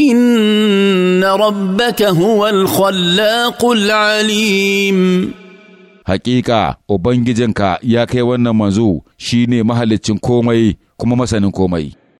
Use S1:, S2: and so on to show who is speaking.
S1: ان ربك هو الخلاق العليم
S2: Haƙiƙa, ubangijinka ya kai wannan manzo shine mahaliccin komai kuma masanin komai